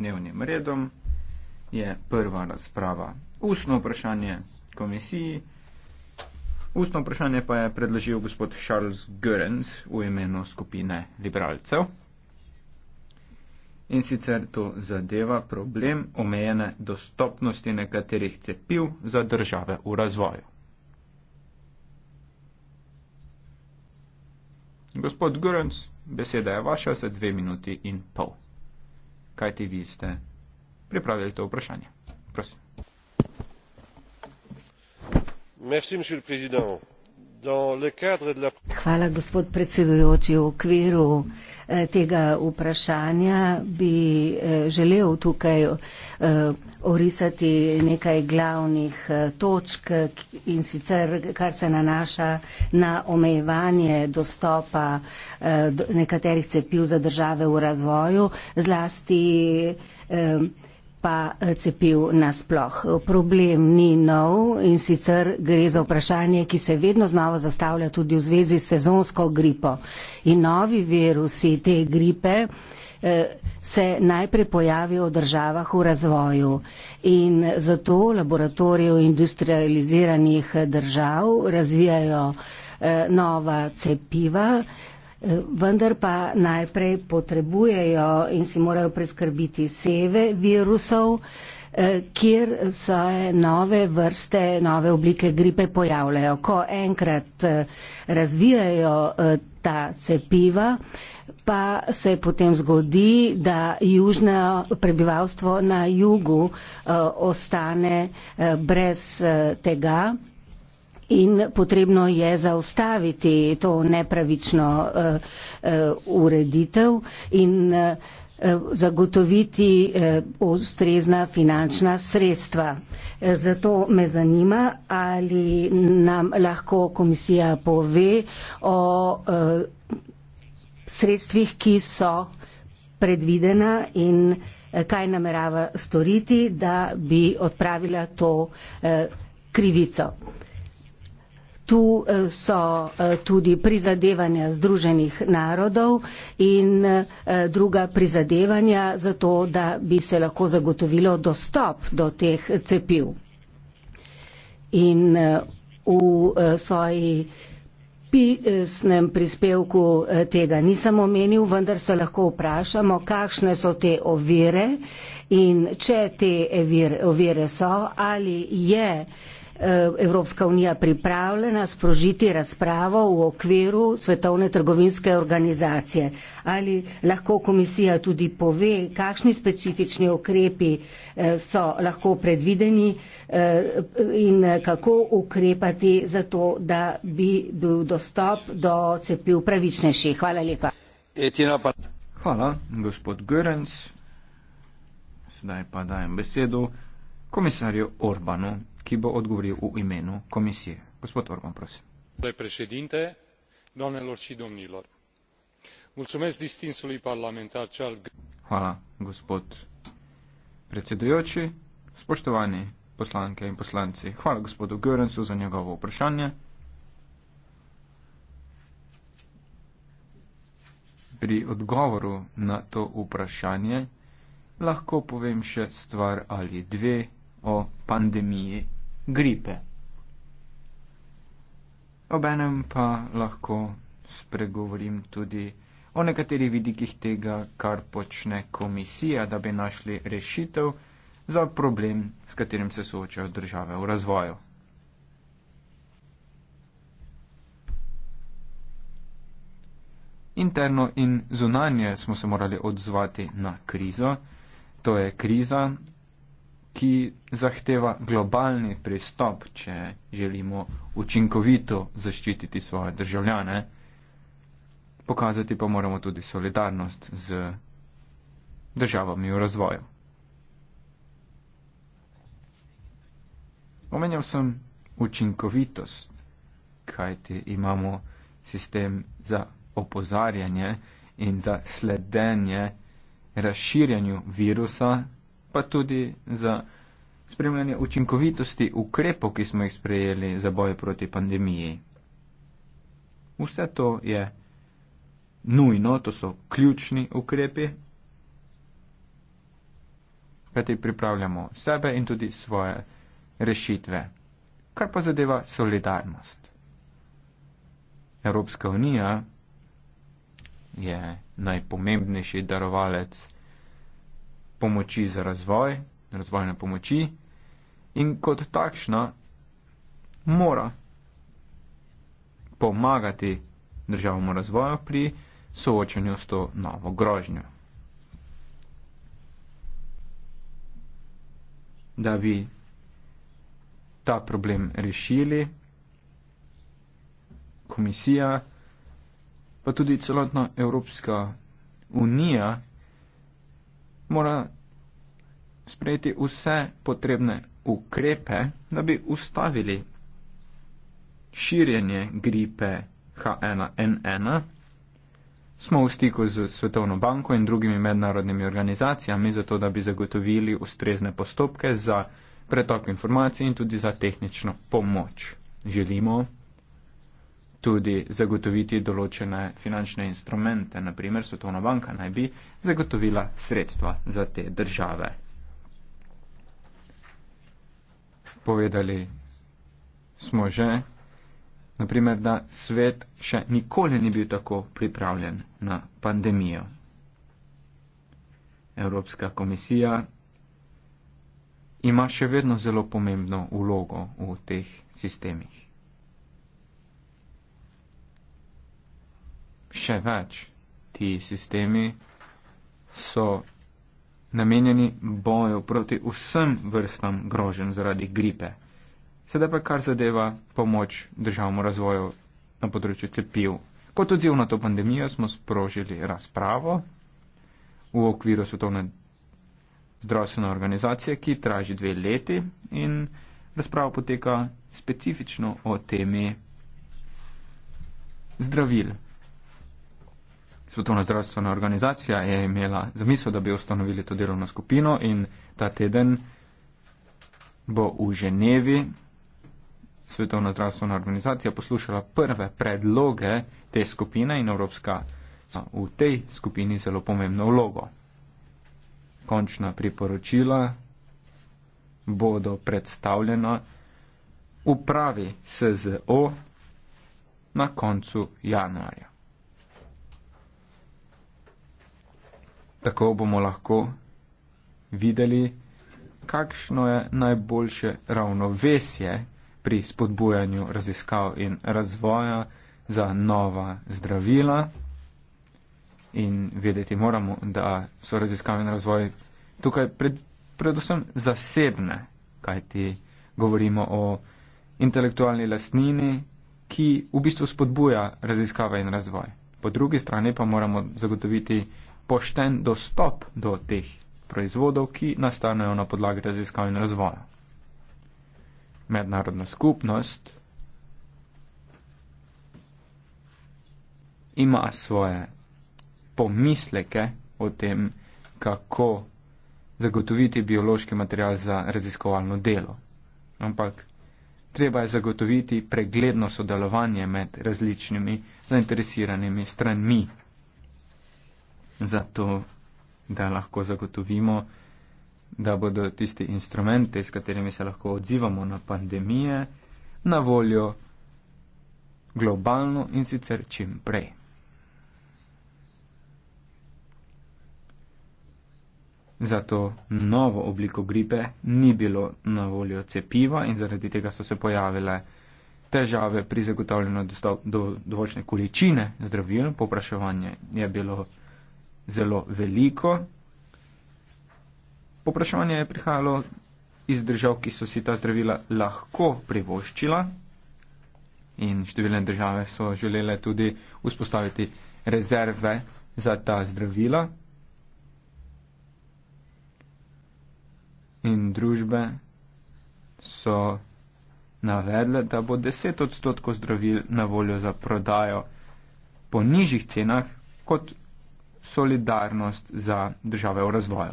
dnevnim redom, je prva razprava. Ustno vprašanje komisiji. Ustno vprašanje pa je predložil gospod Charles Görens v imenu skupine liberalcev. In sicer to zadeva problem omejene dostopnosti nekaterih cepiv za države v razvoju. Gospod Görens, beseda je vaša za dve minuti in pol kaj ti vi ste pripravili to vprašanje. Prosim. Merci, monsieur le président. Hvala, gospod predsedujoči. V okviru eh, tega vprašanja bi eh, želel tukaj eh, orisati nekaj glavnih točk in sicer, kar se nanaša na omejevanje dostopa nekaterih cepiv za države v razvoju, zlasti pa eh, cepiv nasploh. Problem ni nov in sicer gre za vprašanje, ki se vedno znova zastavlja tudi v zvezi s sezonsko gripo. In novi virusi te gripe eh, se najprej pojavijo v državah v razvoju. In zato laboratorije industrializiranih držav razvijajo eh, nova cepiva, vendar pa najprej potrebujejo in si morajo preskrbiti seve virusov, eh, kjer se nove vrste, nove oblike gripe pojavljajo. Ko enkrat eh, razvijajo eh, ta cepiva, pa se potem zgodi, da južno prebivalstvo na jugu ostane brez tega in potrebno je zaustaviti to nepravično eh, eh, ureditev in eh, zagotoviti ustrezna finančna sredstva. Zato me zanima, ali nam lahko komisija pove o sredstvih, ki so predvidena in kaj namerava storiti, da bi odpravila to krivico. Tu eh, so eh, tudi prizadevanja Združenih narodov in eh, druga prizadevanja za to, da bi se lahko zagotovilo dostop do teh cepiv. In v svoji pisnem prispevku tega nisem omenil, vendar se lahko vprašamo, kakšne so te ovire in če te ovire so, ali je Eh, Evropska unija pripravljena sprožiti razpravo v okviru svetovne trgovinske organizacije. Ali lahko komisija tudi pove, kakšni specifični ukrepi eh, so lahko predvideni eh, in kako ukrepati za to, da bi bil dostop do cepiv pravičnejši. Hvala lepa. Hvala, gospod Görens. Zdaj pa dajem besedo komisarju Orbanu ki bo odgovoril v imenu komisije. Gospod Orban, prosim. Doamne președinte, doamnelor și domnilor, mulțumesc distinsului parlamentar Charles Hvala, gospod predsedujoči, spoštovani poslanke in poslanci. Hvala gospodu Görencu za njegovo vprašanje. Pri odgovoru na to vprašanje lahko povem še stvar ali dve o pandemiji gripe. Obenem pa lahko spregovorim tudi o nekaterih vidikih tega, kar počne komisija, da bi našli rešitev za problem, s katerim se soočajo države v razvoju. Interno in zunanje smo se morali odzvati na krizo. To je kriza, ki zahteva globalni pristop, če želimo učinkovito zaščititi svoje državljane. Pokazati pa moramo tudi solidarnost z državami v razvoju. Omenjal sem učinkovitost, kajti imamo sistem za opozarjanje in za sledenje razširjanju virusa pa tudi za spremljanje učinkovitosti ukrepov, ki smo jih sprejeli za boj proti pandemiji. Vse to je nujno, to so ključni ukrepi, kajti pripravljamo sebe in tudi svoje rešitve. Kar pa zadeva solidarnost. Evropska unija je najpomembnejši darovalec, pomoči za razvoj, razvojne pomoči in kot takšna mora pomagati državam v razvoju pri soočanju s to novo grožnjo. Da bi ta problem rešili, komisija, pa tudi celotna Evropska unija mora sprejeti vse potrebne ukrepe, da bi ustavili širjenje gripe H1N1. Smo v stiku z Svetovno banko in drugimi mednarodnimi organizacijami, zato da bi zagotovili ustrezne postopke za pretok informacij in tudi za tehnično pomoč. Želimo, tudi zagotoviti določene finančne instrumente. Naprimer, Svetovna banka naj bi zagotovila sredstva za te države. Povedali smo že, naprimer, da svet še nikoli ni bil tako pripravljen na pandemijo. Evropska komisija ima še vedno zelo pomembno ulogo v teh sistemih. še več, ti sistemi so namenjeni boju proti vsem vrstam grožen zaradi gripe. Sedaj pa kar zadeva pomoč državmu razvoju na področju cepiv. Kot odziv na to pandemijo smo sprožili razpravo v okviru Svetovne zdravstvene organizacije, ki traži dve leti in razprava poteka specifično o temi zdravil. Svetovna zdravstvena organizacija je imela zamisel, da bi ustanovili to delovno skupino in ta teden bo v Ženevi Svetovna zdravstvena organizacija poslušala prve predloge te skupine in Evropska v tej skupini zelo pomembno vlogo. Končna priporočila bodo predstavljena upravi SZO na koncu januarja. tako bomo lahko videli, kakšno je najboljše ravnovesje pri spodbujanju raziskav in razvoja za nova zdravila. In vedeti moramo, da so raziskave in razvoj tukaj pred, predvsem zasebne, kajti govorimo o intelektualni lastnini, ki v bistvu spodbuja raziskave in razvoj. Po drugi strani pa moramo zagotoviti pošten dostop do teh proizvodov, ki nastanejo na podlagi raziskav in razvoja. Mednarodna skupnost ima svoje pomisleke o tem, kako zagotoviti biološki material za raziskovalno delo. Ampak treba je zagotoviti pregledno sodelovanje med različnimi zainteresiranimi stranmi zato, da lahko zagotovimo, da bodo tisti instrumente, s katerimi se lahko odzivamo na pandemije, na voljo globalno in sicer čim prej. Zato novo obliko gripe ni bilo na voljo cepiva in zaradi tega so se pojavile težave pri zagotavljanju dostop do določene količine zdravil. Popraševanje je bilo zelo veliko. Poprašanje je prihajalo iz držav, ki so si ta zdravila lahko privoščila in številne države so želele tudi vzpostaviti rezerve za ta zdravila. In družbe so navedle, da bo 10 odstotkov zdravil na voljo za prodajo po nižjih cenah kot solidarnost za države v razvoju.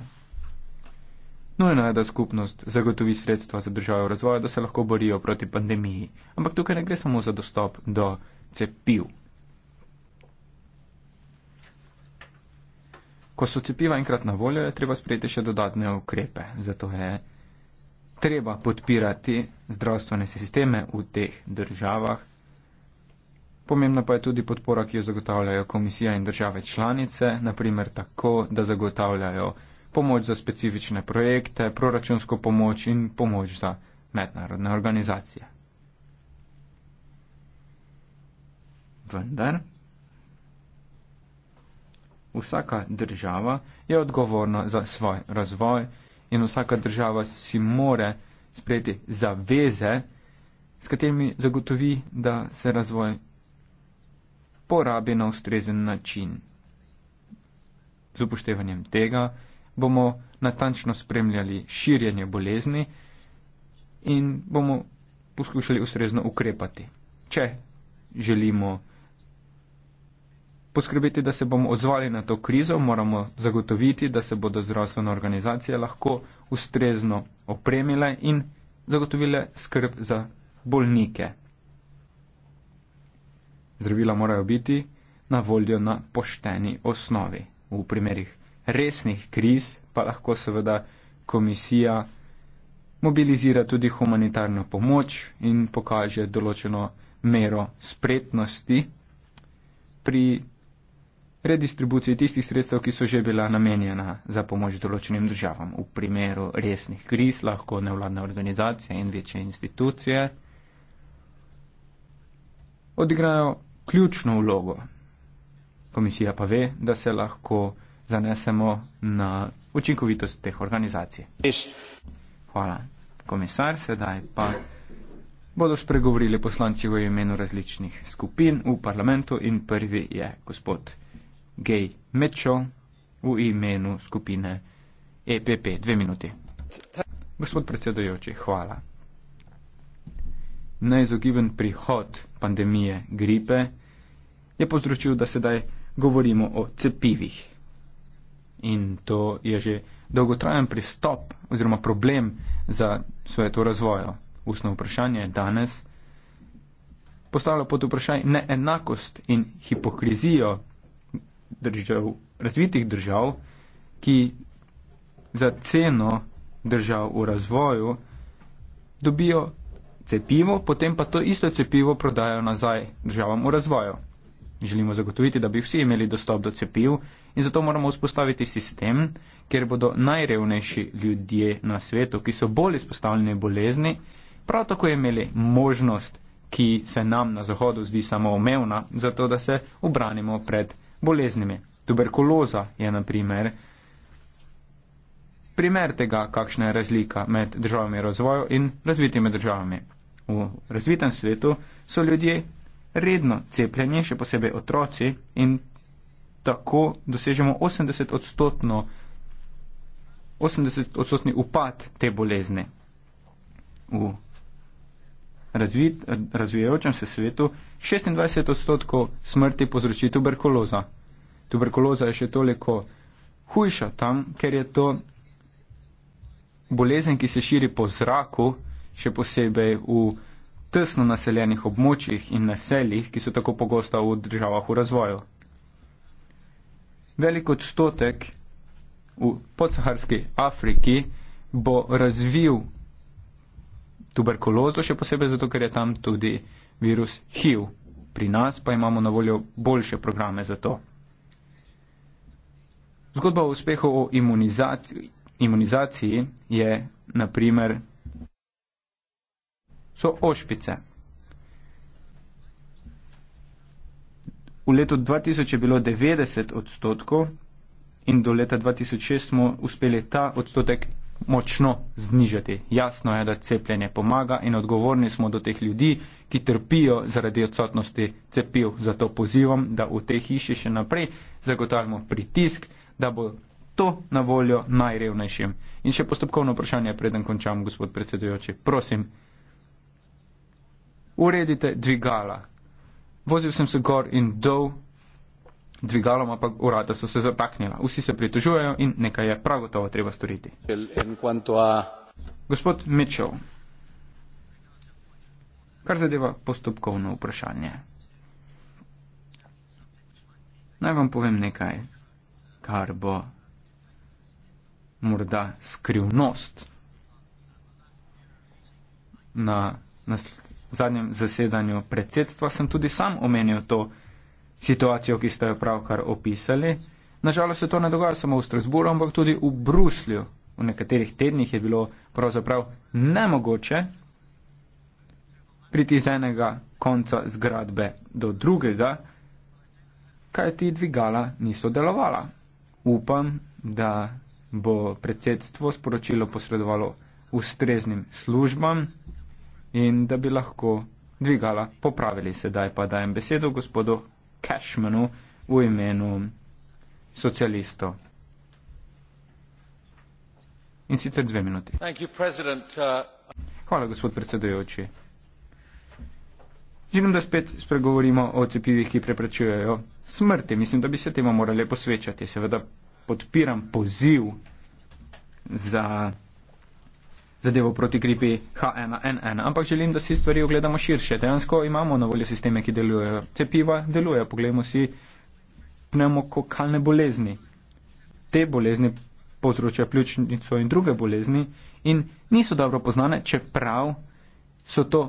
Nujno je, da skupnost zagotovi sredstva za države v razvoju, da se lahko borijo proti pandemiji. Ampak tukaj ne gre samo za dostop do cepiv. Ko so cepiva enkrat na voljo, je treba sprejeti še dodatne ukrepe. Zato je treba podpirati zdravstvene sisteme v teh državah Pomembna pa je tudi podpora, ki jo zagotavljajo komisija in države članice, naprimer tako, da zagotavljajo pomoč za specifične projekte, proračunsko pomoč in pomoč za mednarodne organizacije. Vendar vsaka država je odgovorna za svoj razvoj in vsaka država si more sprejeti zaveze, s katerimi zagotovi, da se razvoj porabi na ustrezen način. Z upoštevanjem tega bomo natančno spremljali širjenje bolezni in bomo poskušali ustrezno ukrepati, če želimo. Poskrbeti, da se bomo odzvali na to krizo, moramo zagotoviti, da se bodo zdravstvene organizacije lahko ustrezno opremile in zagotovile skrb za bolnike zdravila morajo biti na voljo na pošteni osnovi. V primerih resnih kriz pa lahko seveda komisija mobilizira tudi humanitarno pomoč in pokaže določeno mero spretnosti pri redistribuciji tistih sredstev, ki so že bila namenjena za pomoč določenim državam. V primeru resnih kriz lahko nevladna organizacija in večje institucije odigrajo ključno vlogo. Komisija pa ve, da se lahko zanesemo na učinkovitost teh organizacij. Hvala, komisar. Sedaj pa bodo spregovorili poslanci v imenu različnih skupin v parlamentu in prvi je gospod Gay Mitchell v imenu skupine EPP. Dve minuti. Gospod predsedojoči, hvala. Neizogiben prihod pandemije gripe, je povzročil, da sedaj govorimo o cepivih. In to je že dolgotrajen pristop oziroma problem za svetu razvoja. Usno vprašanje je danes postavilo pod vprašanje neenakost in hipokrizijo držav, razvitih držav, ki za ceno držav v razvoju dobijo cepivo, potem pa to isto cepivo prodajo nazaj državam v razvoju. Želimo zagotoviti, da bi vsi imeli dostop do cepiv in zato moramo vzpostaviti sistem, kjer bodo najrevnejši ljudje na svetu, ki so bolj izpostavljeni bolezni, prav tako imeli možnost, ki se nam na Zahodu zdi samoumevna, zato da se obranimo pred boleznimi. Tuberkuloza je na primer primer tega, kakšna je razlika med državami razvoju in razvitimi državami. V razvitem svetu so ljudje redno cepljeni, še posebej otroci, in tako dosežemo 80-odstotni 80 upad te bolezni. V razvijajočem se svetu 26 odstotkov smrti povzroči tuberkuloza. Tuberkuloza je še toliko hujša tam, ker je to bolezen, ki se širi po zraku, še posebej v tesno naseljenih območjih in naseljih, ki so tako pogosta v državah v razvoju. Velik odstotek v podsaharski Afriki bo razvil tuberkulozo, še posebej zato, ker je tam tudi virus HIV. Pri nas pa imamo na voljo boljše programe za to. Zgodba o uspehu o imunizaciji, imunizaciji je, na primer, so ošpice. V letu 2000 je bilo 90 odstotkov in do leta 2006 smo uspeli ta odstotek močno znižati. Jasno je, da cepljenje pomaga in odgovorni smo do teh ljudi, ki trpijo zaradi odsotnosti cepiv. Zato pozivam, da v tej hiši še naprej zagotavljamo pritisk, da bo to na voljo najrevnejšim. In še postopkovno vprašanje, preden končam, gospod predsedujoči. Prosim uredite dvigala. Vozil sem se gor in dol, dvigaloma pa urada so se zataknila. Vsi se pritožujejo in nekaj je prav gotovo treba storiti. Gospod Mitchell, kar zadeva postopkovno vprašanje. Naj vam povem nekaj, kar bo morda skrivnost na naslednjem v zadnjem zasedanju predsedstva sem tudi sam omenil to situacijo, ki ste jo pravkar opisali. Nažalost se to ne dogaja samo v Strasburu, ampak tudi v Bruslju. V nekaterih tednih je bilo pravzaprav nemogoče priti iz enega konca zgradbe do drugega, kaj ti dvigala niso delovala. Upam, da bo predsedstvo sporočilo posredovalo ustreznim službam in da bi lahko dvigala, popravili sedaj pa dajem besedo gospodu Cashmanu v imenu socialistov. In sicer dve minuti. Uh, Hvala, gospod predsedujoči. Želim, da spet spregovorimo o cepivih, ki preprečujejo smrti. Mislim, da bi se temu morali posvečati. Seveda podpiram poziv za zadevo proti gripi H1N1, ampak želim, da si stvari ogledamo širše. Dejansko imamo na voljo sisteme, ki delujejo. Cepiva delujejo, poglejmo si pneumokokalne bolezni. Te bolezni povzročajo pljučnico in druge bolezni in niso dobro poznane, čeprav so to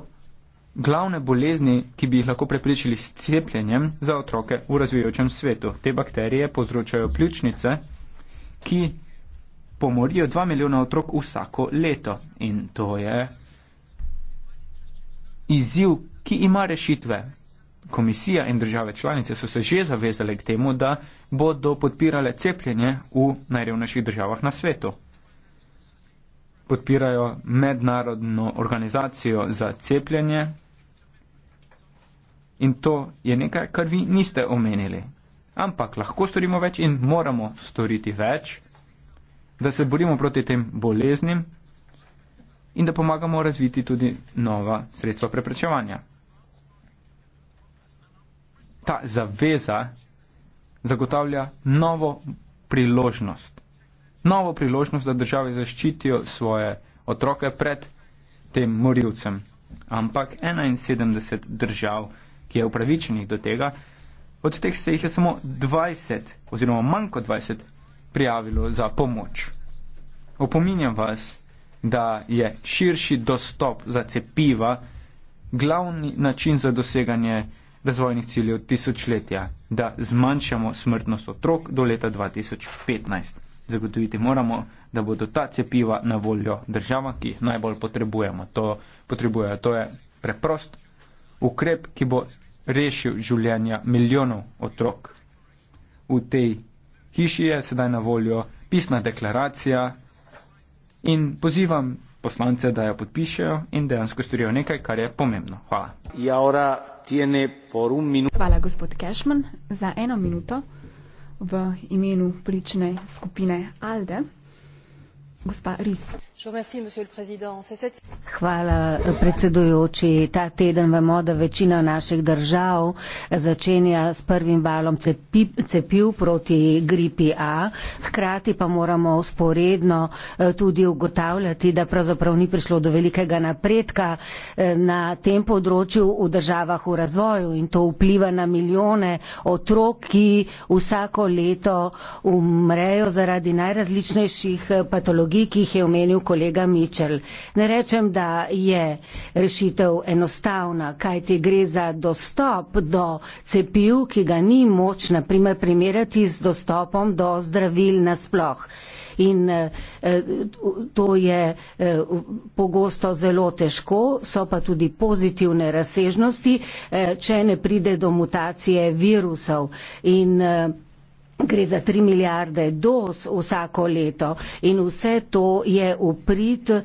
glavne bolezni, ki bi jih lahko preprečili s cepljenjem za otroke v razvijajočem svetu. Te bakterije povzročajo pljučnice, ki pomorijo 2 milijona otrok vsako leto. In to je izziv, ki ima rešitve. Komisija in države članice so se že zavezale k temu, da bodo podpirale cepljenje v najrevnejših državah na svetu. Podpirajo mednarodno organizacijo za cepljenje in to je nekaj, kar vi niste omenili. Ampak lahko storimo več in moramo storiti več da se borimo proti tem boleznim in da pomagamo razviti tudi nova sredstva preprečevanja. Ta zaveza zagotavlja novo priložnost. Novo priložnost, da države zaščitijo svoje otroke pred tem morilcem. Ampak 71 držav, ki je upravičenih do tega, od teh se jih je samo 20 oziroma manj kot 20 prijavilo za pomoč. Opominjam vas, da je širši dostop za cepiva glavni način za doseganje razvojnih ciljev tisočletja, da zmanjšamo smrtnost otrok do leta 2015. Zagotoviti moramo, da bodo ta cepiva na voljo državam, ki jih najbolj potrebujemo. To, potrebujejo. to je preprost ukrep, ki bo rešil življenja milijonov otrok v tej hiši je sedaj na voljo pisna deklaracija in pozivam poslance, da jo podpišejo in dejansko storijo nekaj, kar je pomembno. Hvala. Ja, Hvala, gospod Kešman, za eno minuto v imenu prične skupine Alde. Hvala predsedujoči. Ta teden vemo, da večina naših držav začenja s prvim valom cepiv proti gripi A. Hkrati pa moramo usporedno eh, tudi ugotavljati, da pravzaprav ni prišlo do velikega napredka eh, na tem področju v državah v razvoju in to vpliva na milijone otrok, ki vsako leto umrejo zaradi najrazličnejših eh, patologij vlogi, ki jih je omenil kolega Mičel. Ne rečem, da je rešitev enostavna, kaj ti gre za dostop do cepiv, ki ga ni moč naprimer primerjati z dostopom do zdravil nasploh. In eh, to je eh, pogosto zelo težko, so pa tudi pozitivne razsežnosti, eh, če ne pride do mutacije virusov. In gre za 3 milijarde dos vsako leto in vse to je uprit eh,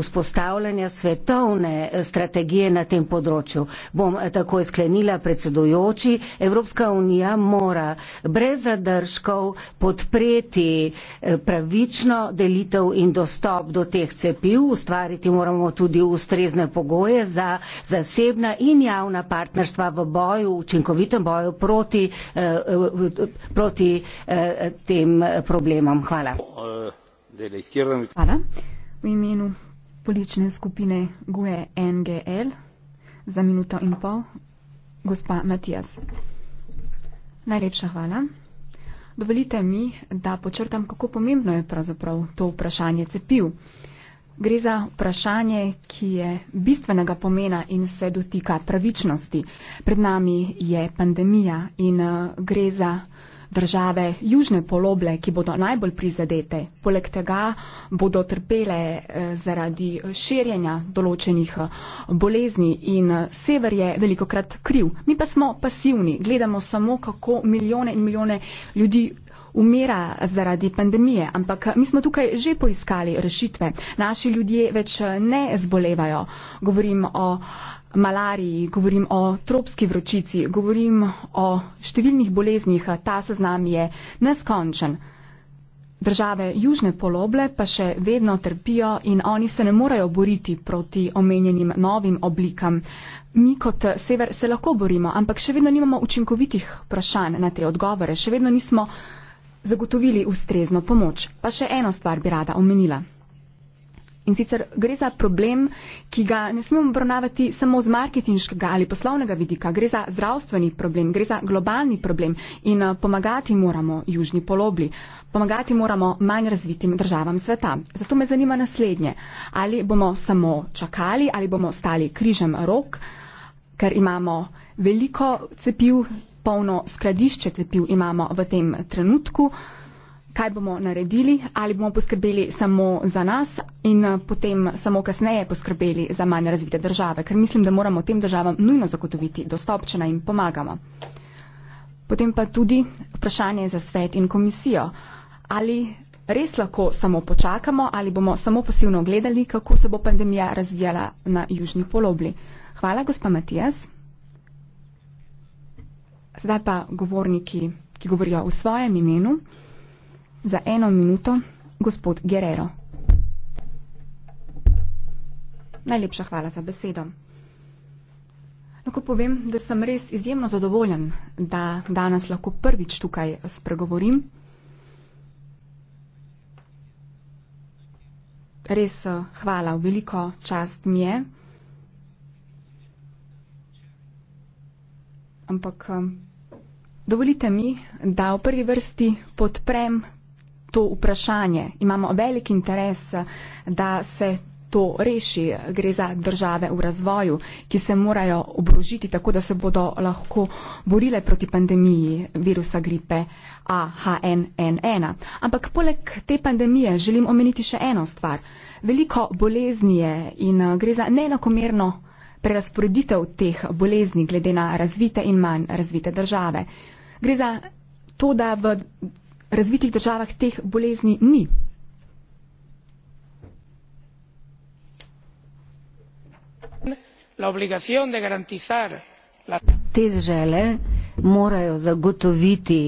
vzpostavljanja svetovne eh, strategije na tem področju. Bom eh, tako sklenila predsedujoči, Evropska unija mora brez zadržkov podpreti pravično delitev in dostop do teh cepiv, ustvariti moramo tudi ustrezne pogoje za zasebna in javna partnerstva v boju, učinkovitem boju proti, proti proti eh, tem eh, problemom. Hvala. Hvala. V imenu politične skupine GUE NGL za minuto in pol, gospa Matijas. Najlepša hvala. Dovolite mi, da počrtam, kako pomembno je pravzaprav to vprašanje cepiv. Gre za vprašanje, ki je bistvenega pomena in se dotika pravičnosti. Pred nami je pandemija in eh, gre za države južne poloble, ki bodo najbolj prizadete. Poleg tega bodo trpele eh, zaradi širjenja določenih eh, bolezni in sever je velikokrat kriv. Mi pa smo pasivni, gledamo samo, kako milijone in milijone ljudi umira zaradi pandemije, ampak eh, mi smo tukaj že poiskali rešitve. Naši ljudje več ne zbolevajo. Govorim o malariji, govorim o tropski vročici, govorim o številnih boleznih, ta seznam je neskončen. Države južne poloble pa še vedno trpijo in oni se ne morejo boriti proti omenjenim novim oblikam. Mi kot sever se lahko borimo, ampak še vedno nimamo učinkovitih vprašanj na te odgovore, še vedno nismo zagotovili ustrezno pomoč. Pa še eno stvar bi rada omenila. In sicer gre za problem, ki ga ne smemo obravnavati samo z marketinškega ali poslovnega vidika. Gre za zdravstveni problem, gre za globalni problem in eh, pomagati moramo južni polobli. Pomagati moramo manj razvitim državam sveta. Zato me zanima naslednje. Ali bomo samo čakali ali bomo stali križem rok, ker imamo veliko cepiv, polno skladišče cepiv imamo v tem trenutku kaj bomo naredili, ali bomo poskrbeli samo za nas in eh, potem samo kasneje poskrbeli za manj razvite države, ker mislim, da moramo tem državam nujno zagotoviti dostop, če naj jim pomagamo. Potem pa tudi vprašanje za svet in komisijo. Ali res lahko samo počakamo ali bomo samo pasivno gledali, kako se bo pandemija razvijala na južni polobli. Hvala, gospa Matijas. Sedaj pa govorniki, ki govorijo v svojem imenu. Za eno minuto, gospod Guerrero. Najlepša hvala za besedo. Lahko povem, da sem res izjemno zadovoljen, da danes lahko prvič tukaj spregovorim. Res eh, hvala, veliko čast mi je. Ampak eh, dovolite mi, da v prvi vrsti podprem to vprašanje. Imamo velik interes, da se to reši. Gre za države v razvoju, ki se morajo obrožiti tako, da se bodo lahko borile proti pandemiji virusa gripe AHNN1. Ampak poleg te pandemije želim omeniti še eno stvar. Veliko bolezni je in eh, gre za neenakomerno prerasporeditev teh bolezni glede na razvite in manj razvite države. Gre za to, da v razvitih državah teh bolezni ni. Te države morajo zagotoviti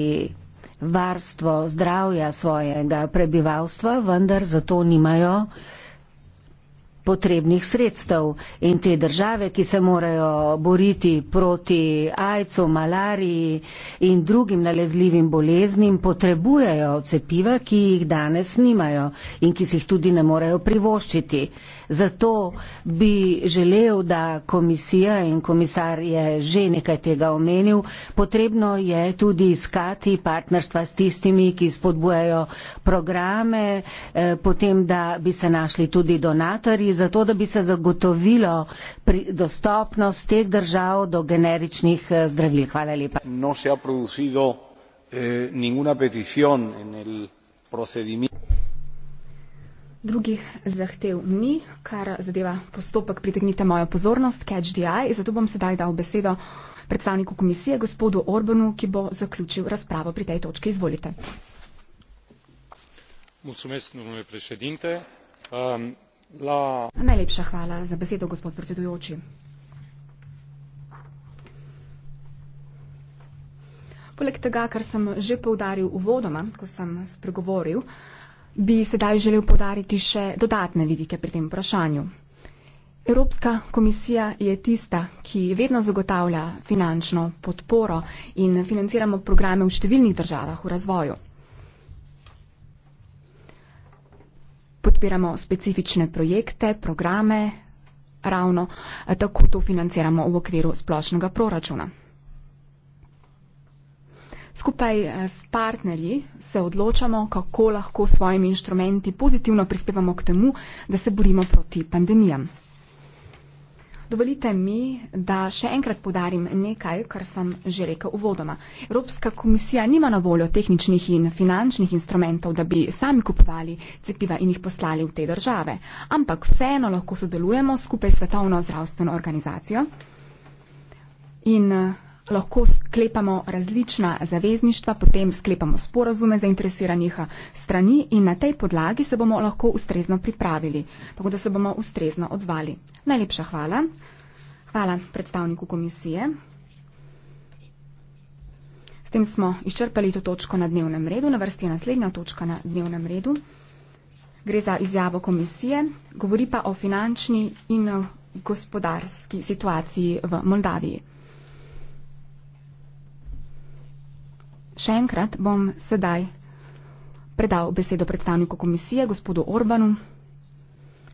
varstvo zdravja svojega prebivalstva, vendar zato nimajo potrebnih sredstev in te države, ki se morajo boriti proti ajcu, malariji in drugim nalezljivim boleznim, potrebujejo cepiva, ki jih danes nimajo in ki si jih tudi ne morejo privoščiti. Zato bi želel, da komisija in komisar je že nekaj tega omenil, potrebno je tudi iskati partnerstva s tistimi, ki spodbujajo programe, eh, potem, da bi se našli tudi donatori, zato da bi se zagotovilo dostopnost teh držav do generičnih eh, zdravil. Hvala lepa. No se ha producido eh, ninguna petición en el procedimiento. Drugih zahtev ni, kar zadeva postopek pritegnite mojo pozornost, catch the eye, zato bom sedaj dal besedo predstavniku komisije, gospodu Orbanu, ki bo zaključil razpravo pri tej točki. Izvolite. Um, Najlepša hvala za besedo, gospod predsedujoči. Poleg tega, kar sem že poudaril uvodoma, ko sem spregovoril, bi sedaj želel podariti še dodatne vidike pri tem vprašanju. Evropska komisija je tista, ki vedno zagotavlja finančno podporo in financiramo programe v številnih državah v razvoju. Podpiramo specifične projekte, programe, ravno tako to financiramo v okviru splošnega proračuna. Skupaj eh, s partnerji se odločamo, kako lahko s svojimi inštrumenti pozitivno prispevamo k temu, da se borimo proti pandemijam. Dovolite mi, da še enkrat podarim nekaj, kar sem že rekel uvodoma. Evropska komisija nima na voljo tehničnih in finančnih instrumentov, da bi sami kupovali cepiva in jih poslali v te države. Ampak vseeno lahko sodelujemo skupaj s Svetovno zdravstveno organizacijo in eh, lahko sklepamo različna zavezništva, potem sklepamo sporazume zainteresiranih eh, strani in na tej podlagi se bomo lahko ustrezno pripravili, tako da se bomo ustrezno odzvali. Najlepša hvala. Hvala predstavniku komisije. S tem smo izčrpali to točko na dnevnem redu. Na vrsti je naslednja točka na dnevnem redu. Gre za izjavo komisije, govori pa o finančni in eh, gospodarski situaciji v Moldaviji. Še enkrat bom sedaj predal besedo predstavniku komisije, gospodu Orbanu.